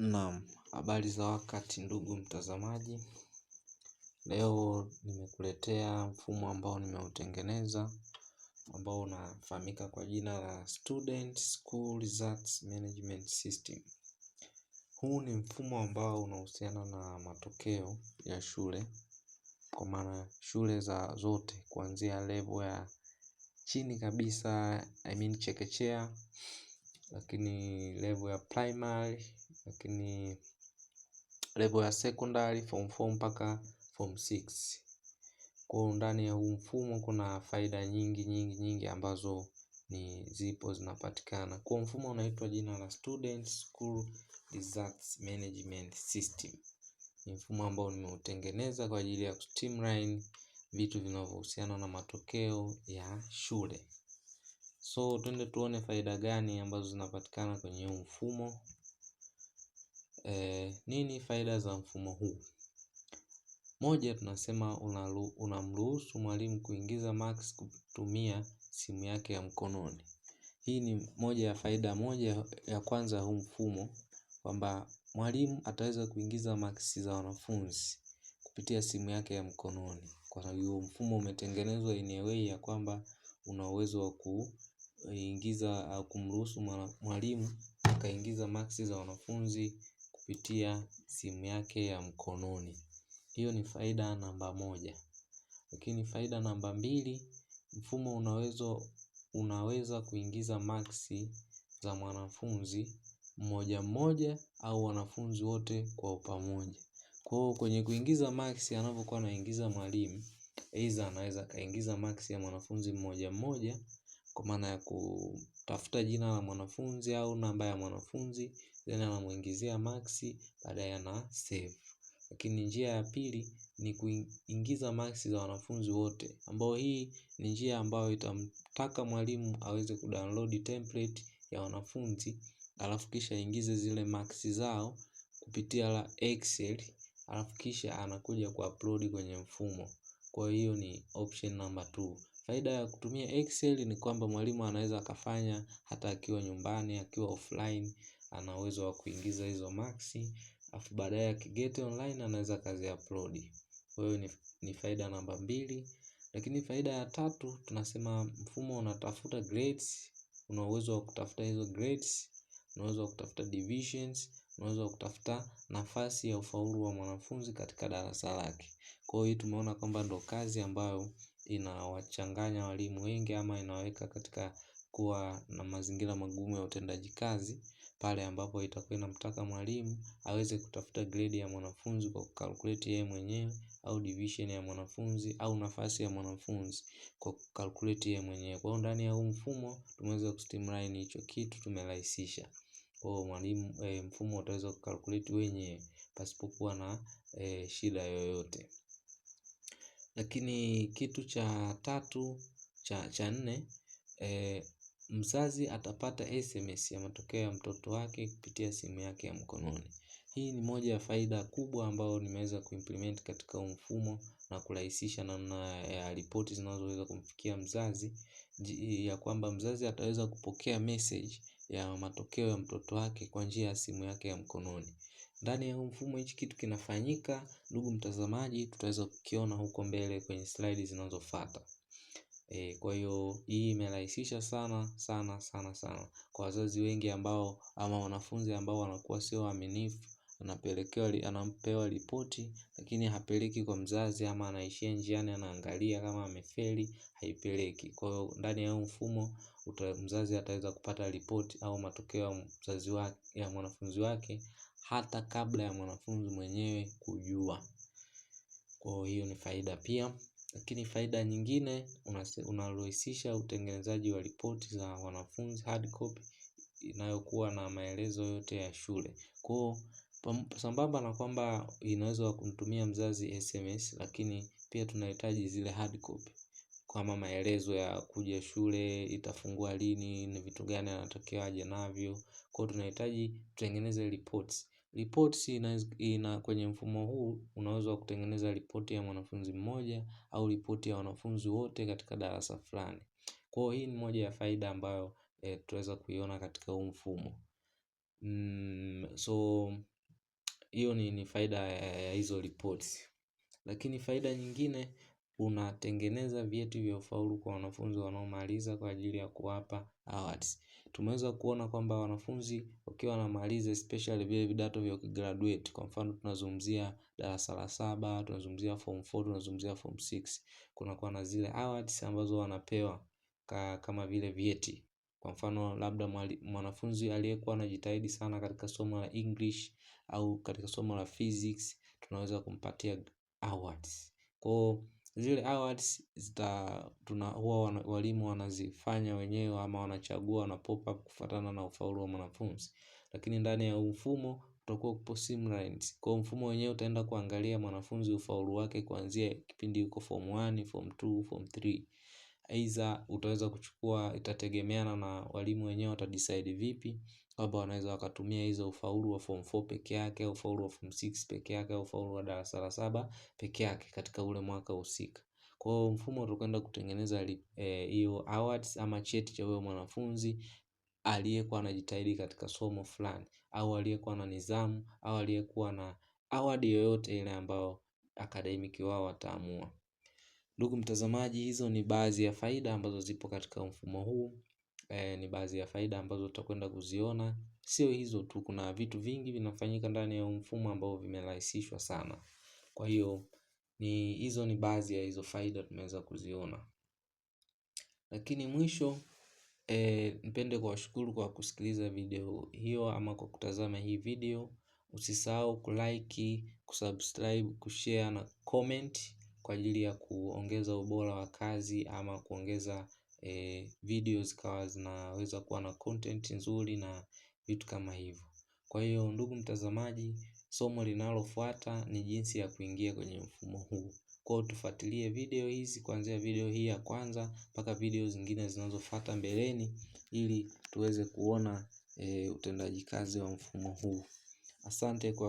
Naam, habari za wakati ndugu mtazamaji. Leo nimekuletea mfumo ambao nimeutengeneza ambao unafahamika kwa jina la Student School Results Management System. Huu ni mfumo ambao unahusiana na matokeo ya shule. Kwa maana shule za zote kuanzia level ya chini kabisa I mean chekechea. Lakini level ya primary lakini level ya secondary form 4 mpaka form 6. Kwa ndani ya huu mfumo kuna faida nyingi nyingi nyingi ambazo ni zipo zinapatikana. Kwa mfumo unaitwa jina la Student School Results Management System. Ni mfumo ambao nimeutengeneza kwa ajili ya streamline vitu vinavyohusiana na matokeo ya shule. So, twende tuone faida gani ambazo zinapatikana kwenye huu mfumo. Eh, nini faida za mfumo huu? Moja tunasema unamruhusu mwalimu kuingiza max kutumia simu yake ya mkononi. Hii ni moja ya faida moja ya kwanza huu mfumo kwamba mwalimu ataweza kuingiza maksi za wanafunzi kupitia simu yake ya mkononi. Kwa hiyo mfumo umetengenezwa in a way ya kwamba una uwezo wa kuingiza kumruhusu mwalimu akaingiza maksi za wanafunzi kupitia simu yake ya mkononi. Hiyo ni faida namba moja. Lakini faida namba mbili mfumo unaweza kuingiza maksi za mwanafunzi mmoja mmoja au wanafunzi wote kwa pamoja. Kwa hiyo kwenye kuingiza maksi anavyokuwa anaingiza mwalimu aidha anaweza akaingiza maksi ya mwanafunzi mmoja mmoja. Kwa maana ya kutafuta jina la mwanafunzi au namba ya mwanafunzi Then anamuingizia maksi baadaye save Lakini njia ya pili ni kuingiza maksi za wanafunzi wote ambao hii ni njia ambayo itamtaka mwalimu aweze kudownload template ya wanafunzi alafu kisha aingize zile maksi zao kupitia la Excel alafu kisha anakuja kuupload kwenye mfumo. Kwa hiyo ni option number 2 Faida ya kutumia Excel ni kwamba mwalimu anaweza akafanya hata akiwa nyumbani, akiwa offline, ana uwezo wa kuingiza hizo maksi, alafu baadaye akigeti online anaweza kazi upload. Kwa hiyo ni, ni faida namba mbili. Lakini faida ya tatu tunasema mfumo unatafuta grades, una uwezo wa kutafuta hizo grades, una uwezo wa kutafuta divisions, una uwezo wa kutafuta nafasi ya ufaulu wa mwanafunzi katika darasa lake. Kwa hiyo tumeona kwamba ndo kazi ambayo inawachanganya walimu wengi ama inaweka katika kuwa na mazingira magumu ya utendaji kazi pale ambapo itakuwa inamtaka mwalimu aweze kutafuta gredi ya mwanafunzi kwa kukalkuleti yeye mwenyewe au division ya mwanafunzi au nafasi ya mwanafunzi kwa kukalkuleti yeye mwenyewe. Kwa hiyo ndani ya huu mfumo tumeweza kustimline hicho kitu tumerahisisha. Kwa hiyo mwalimu eh, mfumo utaweza kukalkuleti wenyewe pasipokuwa na e, shida yoyote. Lakini kitu cha tatu, cha nne, eh, mzazi atapata SMS ya matokeo ya mtoto wake kupitia simu yake ya mkononi. Hii ni moja ya faida kubwa ambayo nimeweza kuimplement katika mfumo na kurahisisha namna ya ripoti zinazoweza kumfikia mzazi. Ya kwamba mzazi ataweza kupokea message ya matokeo ya mtoto wake kwa njia ya simu yake ya mkononi ndani ya mfumo hichi kitu kinafanyika ndugu mtazamaji tutaweza kukiona huko mbele kwenye slide zinazofuata e, kwa hiyo hii imerahisisha sana sana sana sana kwa wazazi wengi ambao ama wanafunzi ambao wanakuwa sio waaminifu anapelekewa anampewa ripoti lakini hapeleki kwa mzazi ama anaishia njiani anaangalia kama amefeli haipeleki kwa hiyo ndani ya mfumo uta, mzazi ataweza kupata ripoti au matokeo ya mzazi wake ya mwanafunzi wake hata kabla ya mwanafunzi mwenyewe kujua. Kwa hiyo ni faida pia. Lakini faida nyingine unarahisisha utengenezaji wa ripoti za wanafunzi hard copy inayokuwa na maelezo yote ya shule. Kwa sambamba na kwamba inaweza kumtumia mzazi SMS lakini pia tunahitaji zile hard copy. Kama maelezo ya kuja shule, itafungua lini, ni vitu gani anatokea aje navyo. Kwa hiyo tunahitaji tutengeneze reports. Reports ina kwenye mfumo huu unaweza kutengeneza ripoti ya mwanafunzi mmoja au ripoti ya wanafunzi wote katika darasa fulani. Kwa hiyo hii ni moja ya faida ambayo eh, tunaweza kuiona katika huu mfumo. Mm, so hiyo ni faida ya hizo reports. Lakini faida nyingine unatengeneza vyeti vya ufaulu kwa wanafunzi wanaomaliza kwa ajili ya kuwapa awards. Tumeweza kuona kwamba wanafunzi wakiwa wanamaliza especially vile vidato vya graduate, kwa mfano tunazungumzia darasa la saba, tunazungumzia form 4, tunazungumzia form kuna Kunakuwa na zile awards ambazo wanapewa kama vile vyeti. Kwa mfano labda mwanafunzi aliyekuwa anajitahidi sana katika somo la English au katika somo la physics tunaweza kumpatia awards. Kwa Zile awards huwa walimu wanazifanya wenyewe ama wanachagua na pop-up kufuatana na ufaulu wa mwanafunzi. Lakini ndani ya mfumo kutakuwa kupo simulated. Kwa mfumo wenyewe utaenda kuangalia mwanafunzi ufaulu wake kuanzia kipindi yuko form 1 form 2 form 3 aidha utaweza kuchukua itategemeana na walimu wenyewe watadecide vipi kwamba wanaweza wakatumia hizo ufaulu wa form 4 peke yake au ufaulu wa form 6 peke yake au ufaulu wa darasa la saba peke yake katika ule mwaka husika. Kwa hiyo mfumo utakwenda kutengeneza e, hiyo e, awards ama cheti cha huyo mwanafunzi aliyekuwa anajitahidi katika somo fulani au aliyekuwa na nidhamu au aliyekuwa na award yoyote ile ambayo academic wao wataamua. Ndugu mtazamaji, hizo ni baadhi ya faida ambazo zipo katika mfumo huu Eh, ni baadhi ya faida ambazo utakwenda kuziona. Sio hizo tu kuna vitu vingi vinafanyika ndani ya mfumo ambao vimerahisishwa sana. Kwa hiyo ni hizo ni baadhi ya hizo faida tumeweza kuziona. Lakini mwisho eh, nipende kuwashukuru kwa kusikiliza video hiyo ama kwa kutazama hii video. Usisahau kulike, kusubscribe, kushare na comment kwa ajili ya kuongeza ubora wa kazi ama kuongeza videos kawa zinaweza kuwa na content nzuri na vitu kama hivyo Kwa hiyo ndugu mtazamaji, somo linalofuata ni jinsi ya kuingia kwenye mfumo huu. Kwa tufuatilie video hizi kuanzia video hii ya kwanza mpaka video zingine zinazofuata mbeleni ili tuweze kuona eh, utendaji kazi wa mfumo huu. Asante kwa.